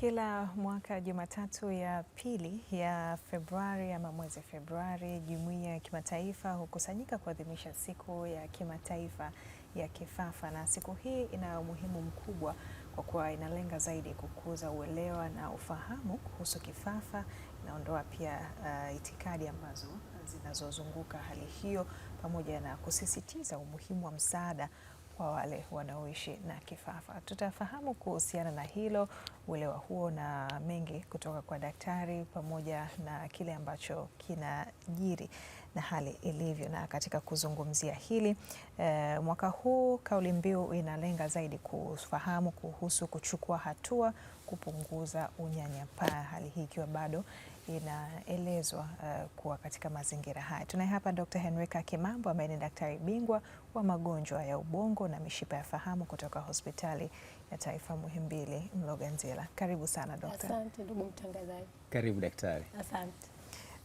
Kila mwaka Jumatatu ya pili ya Februari ama mwezi Februari, jumuiya ya kimataifa hukusanyika kuadhimisha siku ya kimataifa ya kifafa, na siku hii ina umuhimu mkubwa kwa kuwa inalenga zaidi kukuza uelewa na ufahamu kuhusu kifafa, inaondoa pia uh, itikadi ambazo zinazozunguka hali hiyo, pamoja na kusisitiza umuhimu wa msaada kwa wale wanaoishi na kifafa. Tutafahamu kuhusiana na hilo, uelewa huo na mengi kutoka kwa daktari, pamoja na kile ambacho kinajiri na hali ilivyo. Na katika kuzungumzia hili eh, mwaka huu kauli mbiu inalenga zaidi kufahamu kuhusu kuchukua hatua kupunguza unyanyapaa, hali hii ikiwa bado inaelezwa uh, kuwa katika mazingira haya. Tunaye hapa Dr. Henrika Kimambo ambaye ni daktari bingwa wa magonjwa ya ubongo na mishipa ya fahamu kutoka hospitali ya taifa Muhimbili Mloganzila. Karibu sana daktari. Asante ndugu mtangazaji. Karibu daktari. Asante.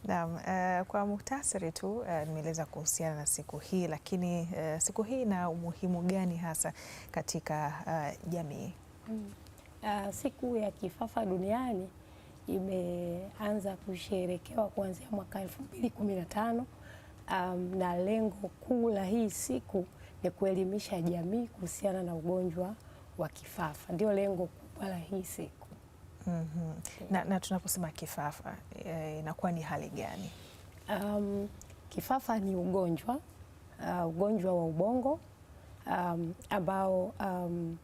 Naam, uh, kwa muhtasari tu uh, nimeeleza kuhusiana na siku hii, lakini uh, siku hii ina umuhimu gani hasa katika uh, jamii? Mm. Uh, siku ya kifafa duniani imeanza kusherekewa kuanzia mwaka 2015 um, na lengo kuu la hii siku ni kuelimisha jamii kuhusiana na ugonjwa wa kifafa, ndio lengo kubwa la hii siku mm -hmm. Na, na tunaposema kifafa e, inakuwa ni hali gani? Um, kifafa ni ugonjwa uh, ugonjwa wa ubongo um, ambao um,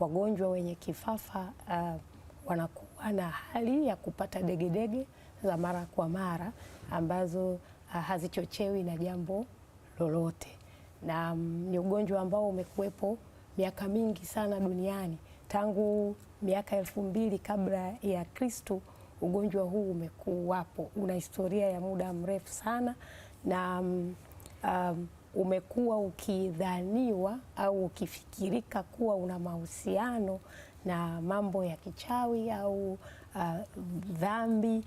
wagonjwa wenye kifafa uh, wanakuwa na hali ya kupata mm-hmm. degedege za mara kwa mara ambazo uh, hazichochewi na jambo lolote, na um, ni ugonjwa ambao umekuwepo miaka mingi sana duniani tangu miaka elfu mbili kabla ya Kristo ugonjwa huu umekuwapo, una historia ya muda mrefu sana na um, um, umekuwa ukidhaniwa au ukifikirika kuwa una mahusiano na mambo ya kichawi au uh, dhambi.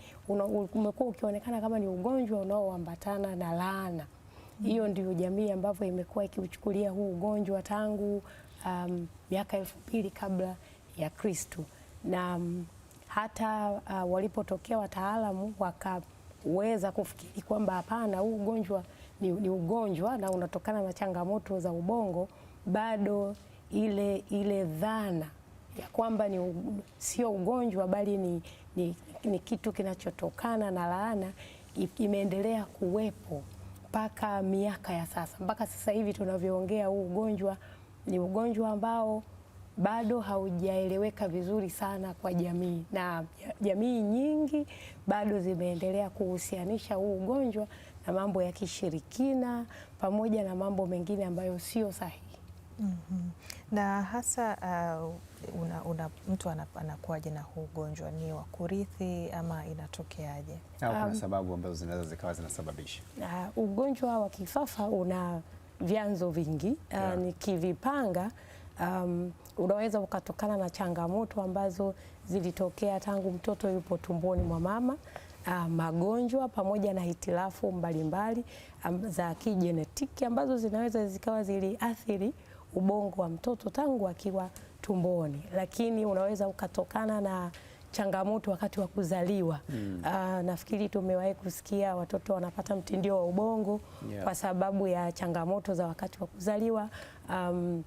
Umekuwa ukionekana kama ni ugonjwa unaoambatana na laana. Hiyo mm Ndio jamii ambavyo imekuwa ikiuchukulia huu ugonjwa tangu um, miaka elfu mbili kabla ya Kristo na m, mm, hata uh, walipotokea wataalamu wakaweza kufikiri kwamba hapana, huu ugonjwa ni, ni ugonjwa na unatokana na changamoto za ubongo, bado ile ile dhana ya kwamba ni sio ugonjwa bali ni, ni, ni kitu kinachotokana na laana imeendelea kuwepo mpaka miaka ya sasa. Mpaka sasa hivi tunavyoongea, huu ugonjwa ni ugonjwa ambao bado haujaeleweka vizuri sana kwa jamii, na jamii nyingi bado zimeendelea kuhusianisha huu ugonjwa na mambo ya kishirikina pamoja na mambo mengine ambayo sio sahihi. Mm -hmm. Na hasa uh, una, una, mtu anakuwaje na huu ugonjwa? Ni wa kurithi ama inatokeaje? Um, kuna sababu ambazo zinaweza zikawa zinasababisha uh, ugonjwa wa kifafa? Una vyanzo vingi uh, yeah. Nikivipanga um, unaweza ukatokana na changamoto ambazo zilitokea tangu mtoto yupo tumboni mwa mama, uh, magonjwa pamoja na hitilafu mbalimbali za kijenetiki ambazo zinaweza zikawa ziliathiri ubongo wa mtoto tangu akiwa tumboni, lakini unaweza ukatokana na changamoto wakati wa kuzaliwa mm. Uh, nafikiri tumewahi kusikia watoto wanapata mtindio wa ubongo yeah. Kwa sababu ya changamoto za wakati wa kuzaliwa um,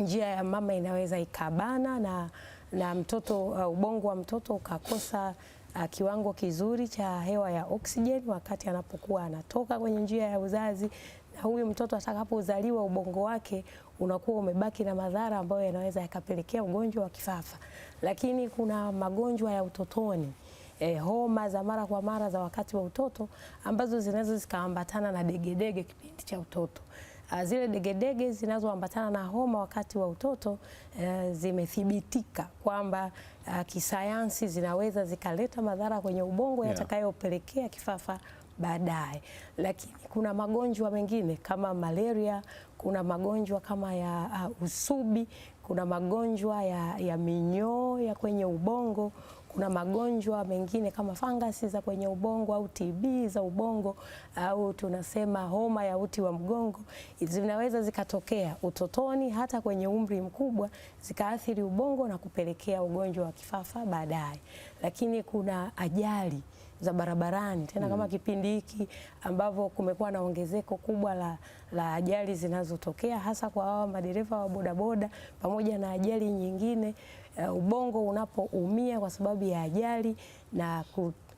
njia ya mama inaweza ikabana na, na mtoto uh, ubongo wa mtoto ukakosa uh, kiwango kizuri cha hewa ya oksijeni wakati anapokuwa anatoka kwenye njia ya uzazi, na huyu mtoto atakapozaliwa ubongo wake unakuwa umebaki na madhara ambayo yanaweza yakapelekea ugonjwa wa kifafa. Lakini kuna magonjwa ya utotoni E, homa za mara kwa mara za wakati wa utoto ambazo zinaweza zikaambatana na degedege kipindi cha utoto. Ah, zile degedege zinazoambatana na homa wakati wa utoto uh, zimethibitika kwamba uh, kisayansi zinaweza zikaleta madhara kwenye ubongo yeah, yatakayopelekea kifafa baadaye. Lakini kuna magonjwa mengine kama malaria, kuna magonjwa kama ya uh, usubi, kuna magonjwa ya, ya minyoo ya kwenye ubongo kuna magonjwa mengine kama fangasi za kwenye ubongo au TB za ubongo au tunasema homa ya uti wa mgongo zinaweza zikatokea utotoni hata kwenye umri mkubwa zikaathiri ubongo na kupelekea ugonjwa wa kifafa baadaye. Lakini kuna ajali za barabarani tena, mm. kama kipindi hiki ambavyo kumekuwa na ongezeko kubwa la, la ajali zinazotokea hasa kwa hawa madereva wa bodaboda pamoja na ajali nyingine uh, ubongo unapoumia kwa sababu ya ajali na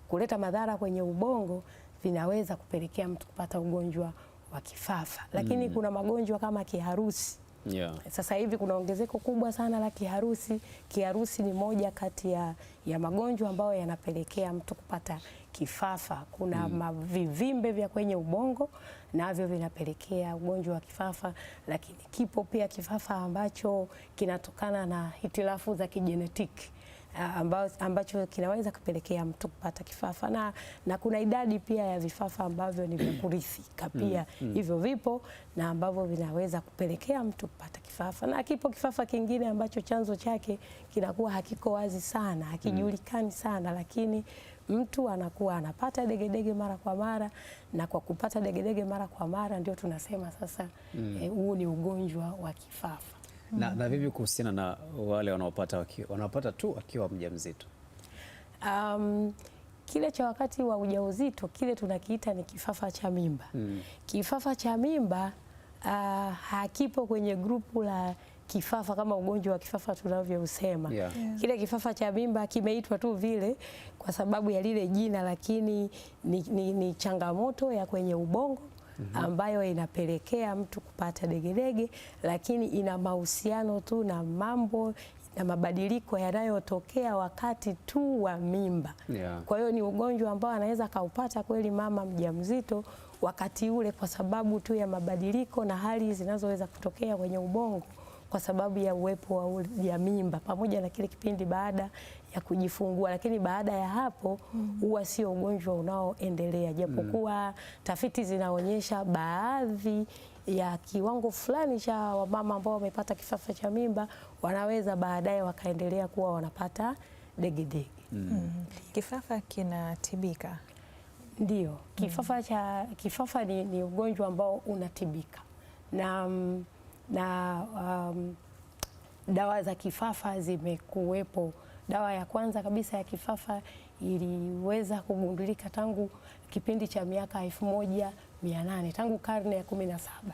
kuleta madhara kwenye ubongo vinaweza kupelekea mtu kupata ugonjwa wa kifafa. Lakini mm. kuna magonjwa kama kiharusi yeah. Sasa hivi kuna ongezeko kubwa sana la kiharusi. Kiharusi ni moja kati ya, ya magonjwa ambayo yanapelekea mtu kupata kifafa. Kuna mm. mavivimbe vya kwenye ubongo navyo na vinapelekea ugonjwa wa kifafa, lakini kipo pia kifafa ambacho kinatokana na hitilafu za kijenetiki Eh, ambao, ambacho kinaweza kupelekea mtu kupata kifafa na, na kuna idadi pia ya vifafa ambavyo ni vya kurithika mm, pia mm. hivyo vipo na ambavyo vinaweza kupelekea mtu kupata kifafa, na kipo kifafa kingine ambacho chanzo chake kinakuwa hakiko wazi sana, hakijulikani sana, lakini mtu anakuwa anapata degedege mara kwa mara, na kwa kupata degedege mara kwa mara ndio tunasema sasa mm. Eh, huu mm. e, ni ugonjwa wa kifafa. Na, na vipi kuhusiana na wale wanaopata wanaopata tu akiwa mjamzito? Um, kile cha wakati wa ujauzito kile tunakiita ni kifafa cha mimba mm. Kifafa cha mimba uh, hakipo kwenye grupu la kifafa kama ugonjwa wa kifafa tunavyousema. yeah. yeah. Kile kifafa cha mimba kimeitwa tu vile kwa sababu ya lile jina, lakini ni, ni, ni changamoto ya kwenye ubongo Mhm. ambayo inapelekea mtu kupata degedege, lakini ina mahusiano tu na mambo na mabadiliko yanayotokea wakati tu wa mimba yeah. Kwa hiyo ni ugonjwa ambao anaweza akaupata kweli mama mjamzito wakati ule, kwa sababu tu ya mabadiliko na hali zinazoweza kutokea kwenye ubongo kwa sababu ya uwepo ya mimba pamoja na kile kipindi baada ya kujifungua, lakini baada ya hapo mm. huwa mm. sio ugonjwa unaoendelea japokuwa mm. tafiti zinaonyesha baadhi ya kiwango fulani cha wamama ambao wamepata kifafa cha mimba wanaweza baadaye wakaendelea kuwa wanapata degedege. mm. mm. Kifafa kinatibika? ndio mm. kifafa cha kifafa ni, ni ugonjwa ambao unatibika na mm, na um, dawa za kifafa zimekuwepo. Dawa ya kwanza kabisa ya kifafa iliweza kugundulika tangu kipindi cha miaka elfu moja mia nane tangu karne ya kumi na saba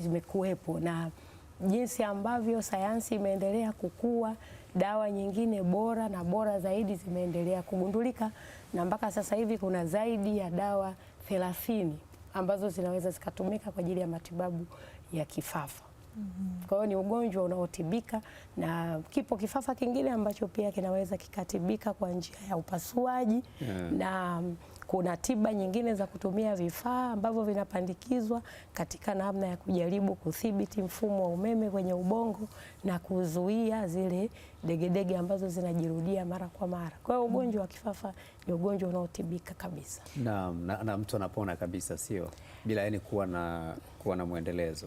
zimekuwepo, na jinsi ambavyo sayansi imeendelea kukua, dawa nyingine bora na bora zaidi zimeendelea kugundulika, na mpaka sasa hivi kuna zaidi ya dawa thelathini ambazo zinaweza zikatumika kwa ajili ya matibabu ya kifafa. Kwa hiyo ni ugonjwa unaotibika, na kipo kifafa kingine ambacho pia kinaweza kikatibika kwa njia ya upasuaji yeah. na kuna tiba nyingine za kutumia vifaa ambavyo vinapandikizwa katika namna ya kujaribu kudhibiti mfumo wa umeme kwenye ubongo na kuzuia zile degedege ambazo zinajirudia mara kwa mara. Kwa hiyo ugonjwa wa kifafa ni ugonjwa unaotibika kabisa na, na, na mtu anapona kabisa, sio bila yani kuwa na, kuwa na mwendelezo.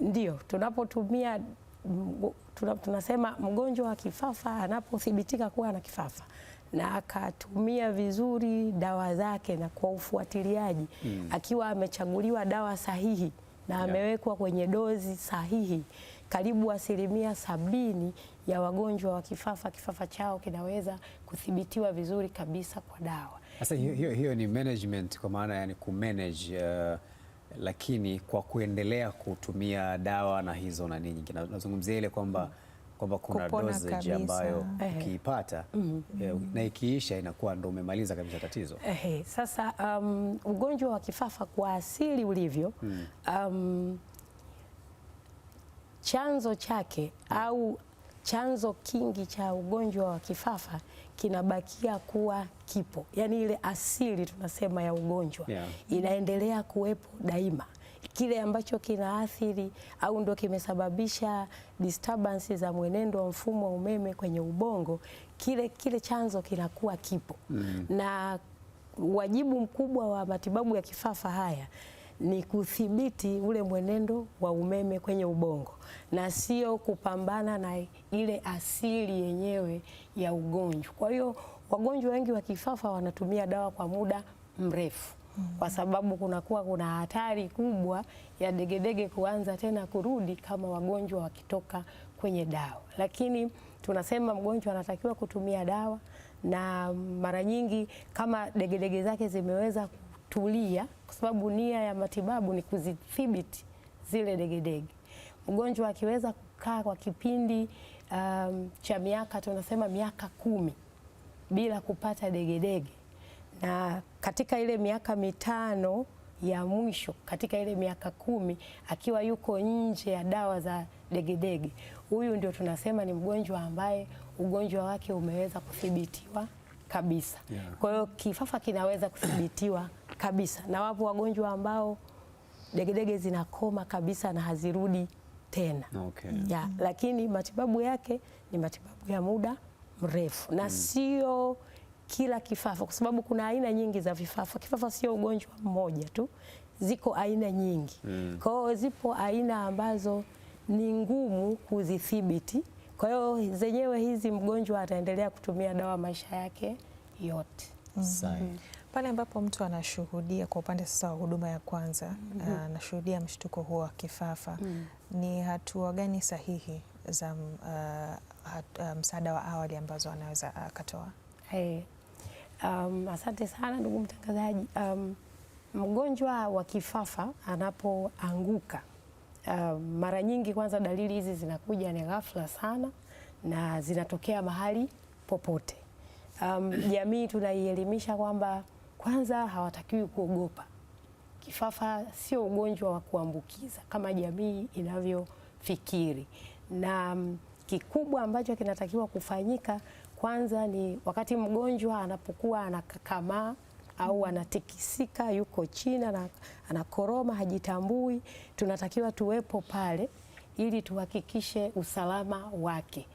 Ndio, tunapotumia tunasema mgonjwa wa kifafa anapothibitika kuwa na kifafa na akatumia vizuri dawa zake na kwa ufuatiliaji mm. akiwa amechaguliwa dawa sahihi na yeah. amewekwa kwenye dozi sahihi, karibu asilimia sabini ya wagonjwa wa kifafa kifafa chao kinaweza kuthibitiwa vizuri kabisa kwa dawa. Sasa hiyo, hiyo, hiyo ni management kwa maana yani kumanage uh lakini kwa kuendelea kutumia dawa na hizo na nini, nazungumzia ile kwamba kwamba kuna dosage ambayo ukiipata mm -hmm. na ikiisha inakuwa ndo umemaliza kabisa tatizo. Ehe, sasa um, ugonjwa wa kifafa kwa asili ulivyo mm. um, chanzo chake mm. au chanzo kingi cha ugonjwa wa kifafa kinabakia kuwa kipo, yaani ile asili tunasema ya ugonjwa yeah. inaendelea kuwepo daima. Kile ambacho kinaathiri au ndo kimesababisha disturbance za mwenendo wa mfumo wa umeme kwenye ubongo, kile kile chanzo kinakuwa kipo mm. na wajibu mkubwa wa matibabu ya kifafa haya ni kudhibiti ule mwenendo wa umeme kwenye ubongo na sio kupambana na ile asili yenyewe ya ugonjwa. Kwa hiyo wagonjwa wengi wa kifafa wanatumia dawa kwa muda mrefu mm. kwa sababu kunakuwa kuna hatari kubwa ya degedege kuanza tena kurudi kama wagonjwa wakitoka kwenye dawa. Lakini tunasema mgonjwa anatakiwa kutumia dawa, na mara nyingi kama degedege zake zimeweza kutulia, kwa sababu nia ya matibabu ni kuzidhibiti zile degedege. Mgonjwa akiweza kukaa kwa kipindi um, cha miaka tunasema miaka kumi bila kupata degedege na katika ile miaka mitano ya mwisho katika ile miaka kumi akiwa yuko nje ya dawa za degedege, huyu ndio tunasema ni mgonjwa ambaye ugonjwa wake umeweza kuthibitiwa kabisa. Yeah. Kwa hiyo kifafa kinaweza kuthibitiwa kabisa, na wapo wagonjwa ambao degedege zinakoma kabisa na hazirudi tena okay. ya, lakini matibabu yake ni matibabu ya muda mrefu na mm. sio kila kifafa, kwa sababu kuna aina nyingi za vifafa. Kifafa sio ugonjwa mmoja tu, ziko aina nyingi mm. kwa hiyo zipo aina ambazo ni ngumu kuzithibiti, kwa hiyo zenyewe hizi mgonjwa ataendelea kutumia dawa maisha yake yote. mm pale ambapo mtu anashuhudia kwa upande sasa wa huduma ya kwanza mhm. eh, anashuhudia mm -hmm. mshtuko huo wa kifafa mm -hmm. ni hatua gani sahihi za uh, hat, uh, msaada wa awali ambazo anaweza akatoa? Hey. Um, asante sana ndugu mtangazaji. Um, mgonjwa wa kifafa anapoanguka um, mara nyingi kwanza dalili hizi zinakuja ni ghafla sana na zinatokea mahali popote. Um, jamii tunaielimisha kwamba kwanza hawatakiwi kuogopa. Kifafa sio ugonjwa wa kuambukiza kama jamii inavyofikiri, na mm, kikubwa ambacho kinatakiwa kufanyika kwanza ni wakati mgonjwa anapokuwa anakakamaa au anatikisika, yuko chini na anakoroma, hajitambui, tunatakiwa tuwepo pale ili tuhakikishe usalama wake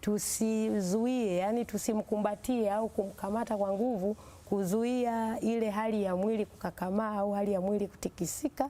tusizuie, yani tusimkumbatie au kumkamata kwa nguvu, kuzuia ile hali ya mwili kukakamaa au hali ya mwili kutikisika,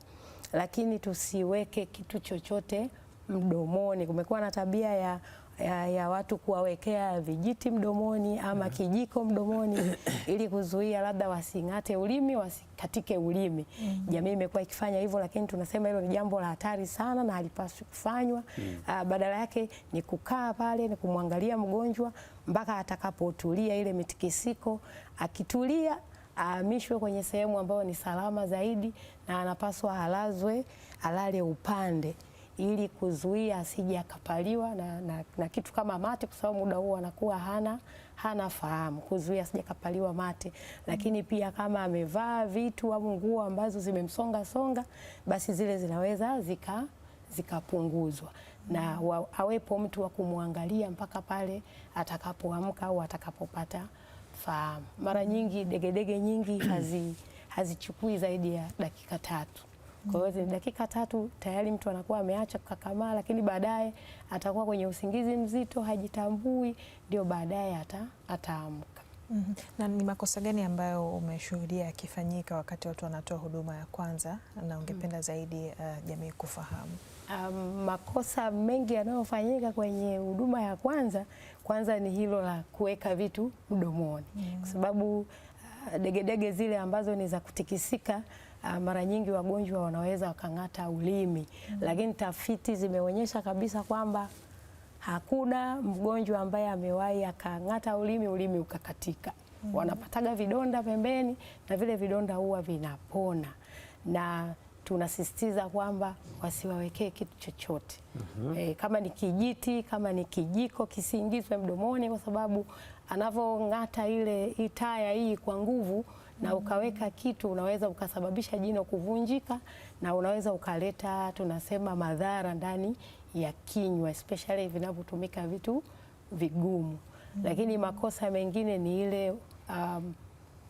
lakini tusiweke kitu chochote mdomoni. Kumekuwa na tabia ya ya, ya watu kuwawekea vijiti mdomoni ama mhm. kijiko mdomoni ili kuzuia labda wasing'ate ulimi, wasikatike ulimi. Mm. Jamii imekuwa ikifanya hivyo, lakini tunasema hilo ni jambo la hatari sana na halipaswi kufanywa. Mm. -hmm. badala yake ni kukaa pale, ni kumwangalia mgonjwa mpaka atakapotulia ile mitikisiko. Akitulia ahamishwe kwenye sehemu ambayo ni salama zaidi, na anapaswa halazwe, alale upande ili kuzuia asije akapaliwa na, na, na kitu kama mate, kwa sababu muda huo anakuwa hana, hana fahamu, kuzuia asije akapaliwa mate. Lakini pia kama amevaa vitu au nguo ambazo zimemsonga songa, basi zile zinaweza zika zikapunguzwa na wa, awepo mtu wa kumwangalia mpaka pale atakapoamka au atakapopata fahamu. Mara nyingi degedege dege nyingi hazi, hazichukui zaidi ya dakika tatu. Kwa hiyo dakika tatu tayari mtu anakuwa ameacha kukakamaa, lakini baadaye atakuwa kwenye usingizi mzito, hajitambui, ndio baadaye ata ataamka. Mm -hmm. Na ni makosa gani ambayo umeshuhudia yakifanyika wakati watu wanatoa huduma ya kwanza na ungependa mm -hmm. zaidi uh, jamii kufahamu? Um, makosa mengi yanayofanyika kwenye huduma ya kwanza kwanza ni hilo la kuweka vitu mdomoni. Mm -hmm. Kwa sababu uh, degedege zile ambazo ni za kutikisika uh, mara nyingi wagonjwa wanaweza wakang'ata ulimi mm. Lakini tafiti zimeonyesha kabisa kwamba hakuna mgonjwa ambaye amewahi akang'ata ulimi ulimi ukakatika mm. Wanapataga vidonda pembeni na vile vidonda huwa vinapona na tunasisitiza kwamba wasiwawekee kitu chochote mm -hmm. E, kama ni kijiti kama ni kijiko kisiingizwe mdomoni, kwa sababu anavyong'ata ile itaya hii kwa nguvu na ukaweka kitu, unaweza ukasababisha jino kuvunjika na unaweza ukaleta tunasema madhara ndani ya kinywa, especially vinavyotumika vitu vigumu. Mm. Lakini makosa mengine ni ile um,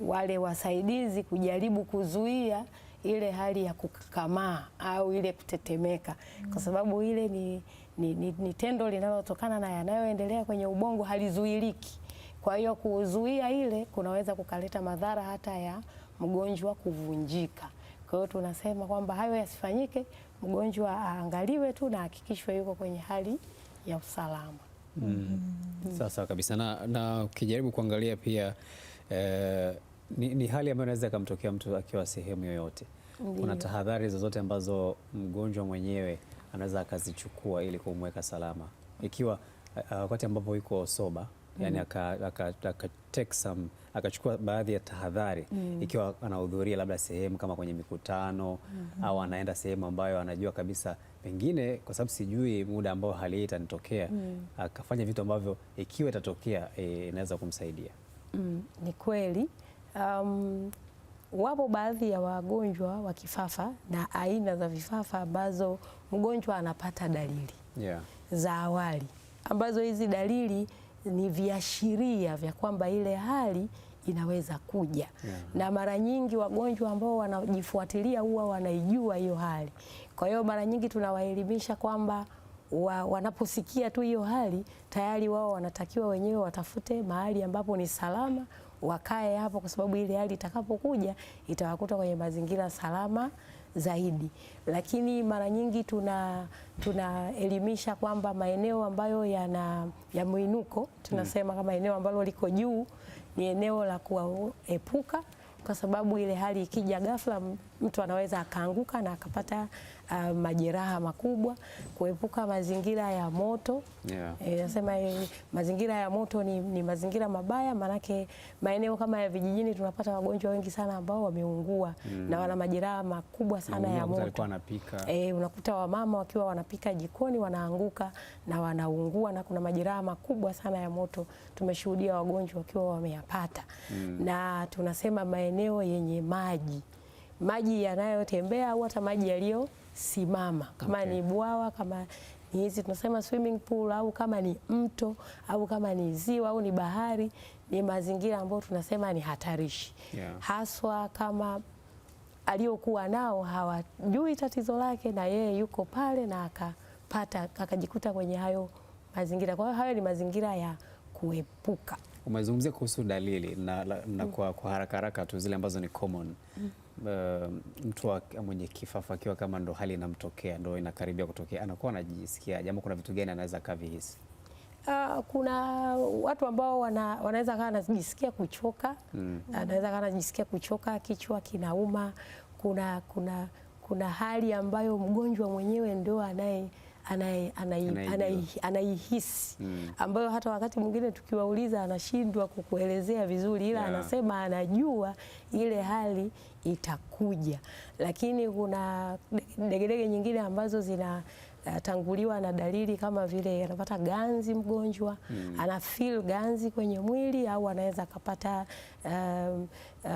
wale wasaidizi kujaribu kuzuia ile hali ya kukamaa au ile kutetemeka, mm. kwa sababu ile ni, ni, ni, ni tendo linalotokana na yanayoendelea kwenye ubongo, halizuiliki. Kwa hiyo kuzuia ile kunaweza kukaleta madhara hata ya mgonjwa kuvunjika. Kwa hiyo tunasema kwamba hayo yasifanyike, mgonjwa aangaliwe tu na hakikishwe yuko kwenye hali ya usalama. Mm. Mm. Sasa kabisa na, na ukijaribu kuangalia pia eh, ni, ni hali ambayo inaweza ikamtokea mtu akiwa sehemu yoyote. Kuna tahadhari zozote ambazo mgonjwa mwenyewe anaweza akazichukua ili kumweka salama ikiwa eh, wakati ambapo yuko soba yani mm. akachukua aka, aka baadhi ya tahadhari mm. ikiwa anahudhuria labda sehemu kama kwenye mikutano mm -hmm. au anaenda sehemu ambayo anajua kabisa pengine kwa sababu sijui muda ambao hali hii itanitokea mm. akafanya vitu ambavyo ikiwa itatokea e, inaweza e, kumsaidia mm. Ni kweli um, wapo baadhi ya wagonjwa wa kifafa na aina za vifafa ambazo mgonjwa anapata dalili yeah. za awali ambazo hizi dalili ni viashiria vya kwamba ile hali inaweza kuja yeah. Na mara nyingi wagonjwa ambao wanajifuatilia huwa wanaijua hiyo hali, kwa hiyo mara nyingi tunawaelimisha kwamba wa, wanaposikia tu hiyo hali tayari wao wanatakiwa wenyewe watafute mahali ambapo ni salama wakae hapo, kwa sababu ile hali itakapokuja itawakuta kwenye mazingira salama zaidi. Lakini mara nyingi tuna tunaelimisha kwamba maeneo ambayo yana ya mwinuko tunasema kama eneo ambalo liko juu ni eneo la kuepuka, kwa sababu ile hali ikija ghafla mtu anaweza akaanguka na akapata uh, majeraha makubwa. Kuepuka mazingira ya moto yeah. E, nasema e, mazingira ya moto ni, ni mazingira mabaya, maanake maeneo kama ya vijijini tunapata wagonjwa wengi sana ambao wameungua mm. na wana majeraha makubwa sana ya moto e, unakuta wamama wakiwa wanapika jikoni wanaanguka na wanaungua, na kuna majeraha makubwa sana ya moto tumeshuhudia wagonjwa wakiwa wameyapata mm. na tunasema maeneo yenye maji maji yanayotembea au hata maji yaliyosimama kama okay. ni bwawa kama ni hizi tunasema swimming pool au kama ni mto au kama ni ziwa au ni bahari, ni mazingira ambayo tunasema ni hatarishi yeah. haswa kama aliyokuwa nao hawajui tatizo lake, na yeye yuko pale na akapata akajikuta kwenye hayo mazingira. Kwa hiyo hayo ni mazingira ya kuepuka. Umezungumzia kuhusu dalili na, na, na mm. kwa, kwa haraka haraka tu zile ambazo ni common mm. Eh, mtu mwenye kifafa akiwa kama ndo hali inamtokea ndo inakaribia kutokea, anakuwa anajisikia jambo, kuna vitu gani anaweza akavihisi? Uh, kuna watu ambao wana, wanaweza kaa anajisikia kuchoka mm. anaweza kaa anajisikia kuchoka, kichwa kinauma. Kuna, kuna, kuna hali ambayo mgonjwa mwenyewe ndio anaye anaihisi anai, anai, mm. ambayo hata wakati mwingine tukiwauliza anashindwa kukuelezea vizuri, ila yeah. anasema anajua ile hali itakuja, lakini kuna degedege nyingine ambazo zina anatanguliwa na dalili kama vile anapata ganzi mgonjwa mm. ana feel ganzi kwenye mwili au anaweza akapata um, uh,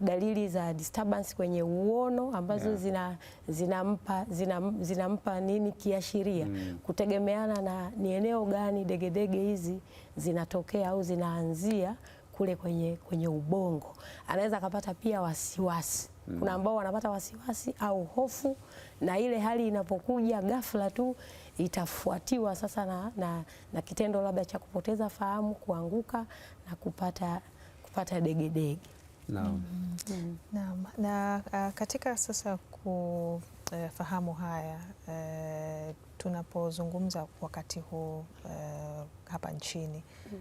dalili za disturbance kwenye uono ambazo yeah. zina, zinampa, zina, zina nini kiashiria mm. kutegemeana na ni eneo gani degedege hizi zinatokea au zinaanzia kule kwenye, kwenye ubongo. Anaweza akapata pia wasiwasi mm. Kuna ambao wanapata wasiwasi au hofu, na ile hali inapokuja ghafla tu itafuatiwa sasa na, na, na kitendo labda cha kupoteza fahamu, kuanguka na kupata, kupata degedege Naam. Mm. Naam. Na uh, katika sasa kufahamu eh, uh, haya uh, tunapozungumza wakati huu uh, hapa nchini mm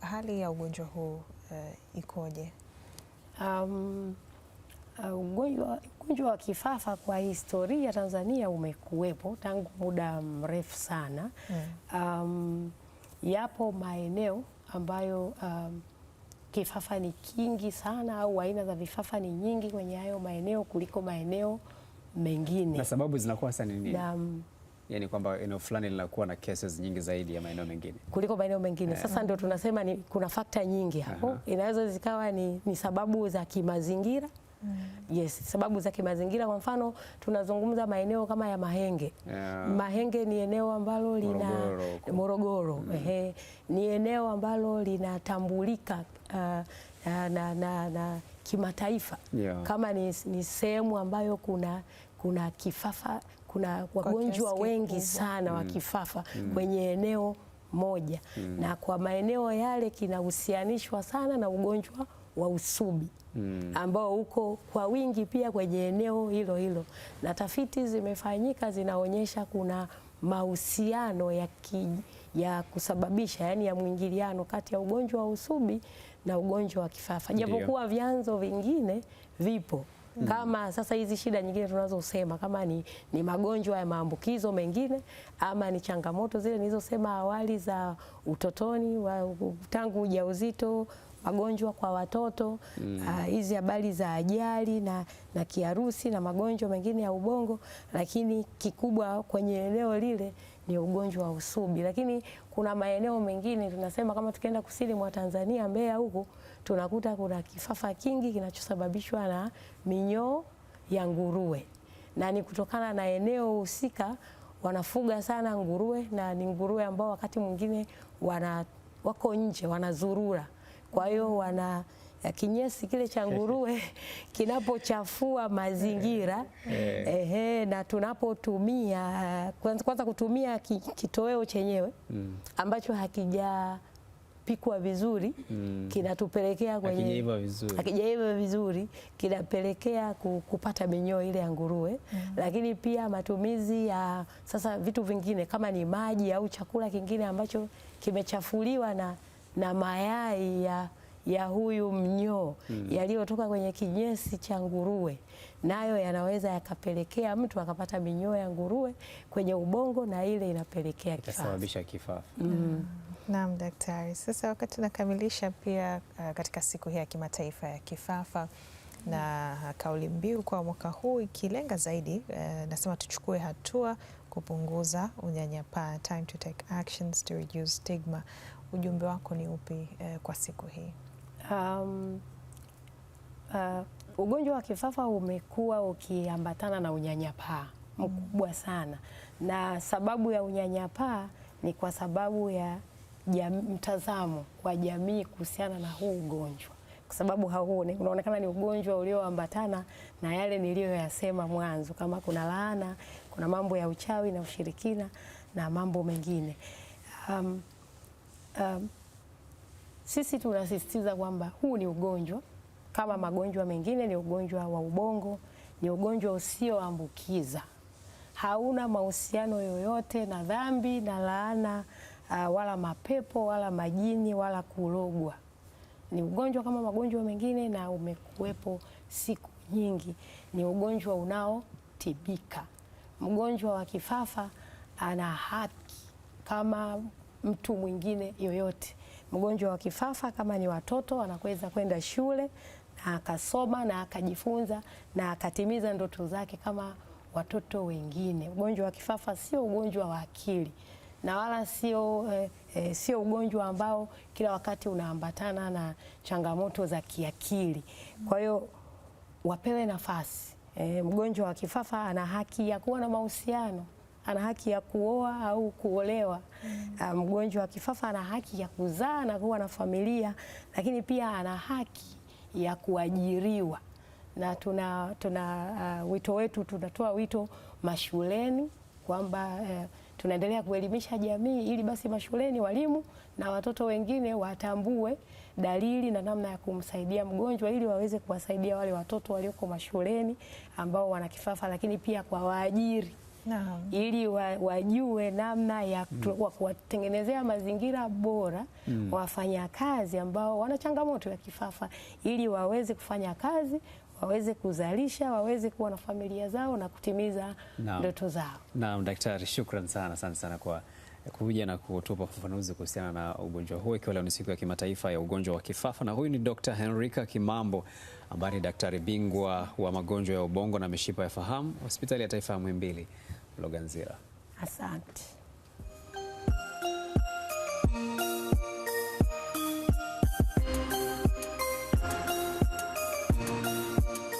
hali ya ugonjwa huu uh, ikoje? Um, uh, ugonjwa ugonjwa wa kifafa kwa historia Tanzania umekuwepo tangu muda mrefu sana mm. Um, yapo maeneo ambayo um, kifafa ni kingi sana au aina za vifafa ni nyingi kwenye hayo maeneo kuliko maeneo mengine. Na sababu zinakuwa sana nini? Um, yani kwamba eneo fulani linakuwa na cases nyingi zaidi ya maeneo mengine kuliko maeneo mengine yeah. Sasa ndio tunasema ni kuna fakta nyingi hapo uh -huh. Inaweza zikawa ni, ni sababu za kimazingira mm. Yes, sababu za kimazingira. Kwa mfano tunazungumza maeneo kama ya Mahenge yeah. Mahenge ni eneo ambalo lina Morogoro, Morogoro. Mm. Ehe, ni eneo ambalo linatambulika uh, na, uh, na, na, na kimataifa yeah. Kama ni, ni sehemu ambayo kuna, kuna kifafa kuna wagonjwa wengi sana wa mm. kifafa mm. kwenye eneo moja mm. na kwa maeneo yale kinahusianishwa sana na ugonjwa wa usubi mm. ambao uko kwa wingi pia kwenye eneo hilo hilo, na tafiti zimefanyika zinaonyesha kuna mahusiano ya, ki, ya kusababisha yani ya mwingiliano kati ya ugonjwa wa usubi na ugonjwa wa kifafa, japokuwa vyanzo vingine vipo. Mm. kama sasa hizi shida nyingine tunazosema kama ni, ni magonjwa ya maambukizo mengine ama ni changamoto zile nilizosema awali za utotoni wa, tangu ujauzito magonjwa kwa watoto mm. Ah, hizi mm. habari za ajali na, na kiharusi na magonjwa mengine ya ubongo, lakini kikubwa kwenye eneo lile ni ugonjwa wa usubi, lakini kuna maeneo mengine tunasema kama tukienda kusini mwa Tanzania Mbeya huku tunakuta kuna kifafa kingi kinachosababishwa na minyoo ya nguruwe, na ni kutokana na eneo husika wanafuga sana nguruwe, na ni nguruwe ambao wakati mwingine wana wako nje wanazurura, kwa hiyo wana kinyesi kile cha nguruwe kinapochafua mazingira eh. ehe, na tunapotumia eh, kwanza kutumia kitoweo chenyewe mm. ambacho hakija kinapikwa vizuri mm. kinatupelekea kwenye akijaiva vizuri, akijaiva vizuri kinapelekea kupata minyoo ile ya nguruwe mm. Lakini pia matumizi ya sasa vitu vingine kama ni maji au chakula kingine ambacho kimechafuliwa na, na mayai ya ya huyu mnyoo mm. yaliyotoka kwenye kinyesi cha nguruwe nayo yanaweza yakapelekea mtu akapata minyoo ya nguruwe kwenye ubongo na ile inapelekea kifafa, ikasababisha kifafa mm. Naam, daktari. Sasa wakati tunakamilisha pia uh, katika siku hii ya kimataifa ya kifafa na kauli mbiu kwa mwaka huu ikilenga zaidi uh, nasema tuchukue hatua kupunguza unyanyapaa, time to take actions to reduce stigma. Ujumbe wako ni upi uh, kwa siku hii? Um, uh, ugonjwa wa kifafa umekuwa ukiambatana na unyanyapaa mkubwa mm. sana, na sababu ya unyanyapaa ni kwa sababu ya mtazamo wa jamii kuhusiana na huu ugonjwa, kwa sababu hauone, unaonekana ni ugonjwa ulioambatana na yale niliyoyasema mwanzo, kama kuna laana, kuna mambo ya uchawi na ushirikina na mambo mengine um, um, sisi tunasisitiza kwamba huu ni ugonjwa kama magonjwa mengine, ni ugonjwa wa ubongo, ni ugonjwa usioambukiza, hauna mahusiano yoyote na dhambi na laana uh, wala mapepo wala majini wala kurogwa. Ni ugonjwa kama magonjwa mengine na umekuwepo siku nyingi. Ni ugonjwa unaotibika. Mgonjwa wa kifafa ana haki kama mtu mwingine yoyote. Mgonjwa wa kifafa kama ni watoto, anaweza kwenda shule na akasoma na akajifunza na akatimiza ndoto zake kama watoto wengine. Ugonjwa wa kifafa sio ugonjwa wa akili na wala sio eh, eh, sio ugonjwa ambao kila wakati unaambatana na changamoto za kiakili. Kwa hiyo wapewe nafasi. Eh, mgonjwa wa kifafa ana haki ya kuwa na mahusiano, ana haki ya kuoa au kuolewa. Mm. Ah, mgonjwa wa kifafa ana haki ya kuzaa na kuwa na familia, lakini pia ana haki ya kuajiriwa na tuna, tuna uh, wito wetu tunatoa wito mashuleni kwamba uh, tunaendelea kuelimisha jamii ili basi mashuleni walimu na watoto wengine watambue dalili na namna ya kumsaidia mgonjwa ili waweze kuwasaidia wale watoto walioko mashuleni ambao wana kifafa, lakini pia kwa waajiri Naam. ili wa, wajue namna ya mm. kuwatengenezea mazingira bora mm. wafanyakazi ambao wana changamoto ya kifafa ili waweze kufanya kazi waweze kuzalisha, waweze kuwa na familia zao na kutimiza ndoto zao. Naam, daktari, shukran sana sana sana kwa kuja na kutupa ufafanuzi kuhusiana na ugonjwa huo, ikiwa leo ni siku ya kimataifa ya ugonjwa wa kifafa. Na huyu ni Dr. Henrika Kimambo ambaye ni daktari bingwa wa magonjwa ya ubongo na mishipa ya fahamu, hospitali ya taifa ya Muhimbili Mloganzila. Asante.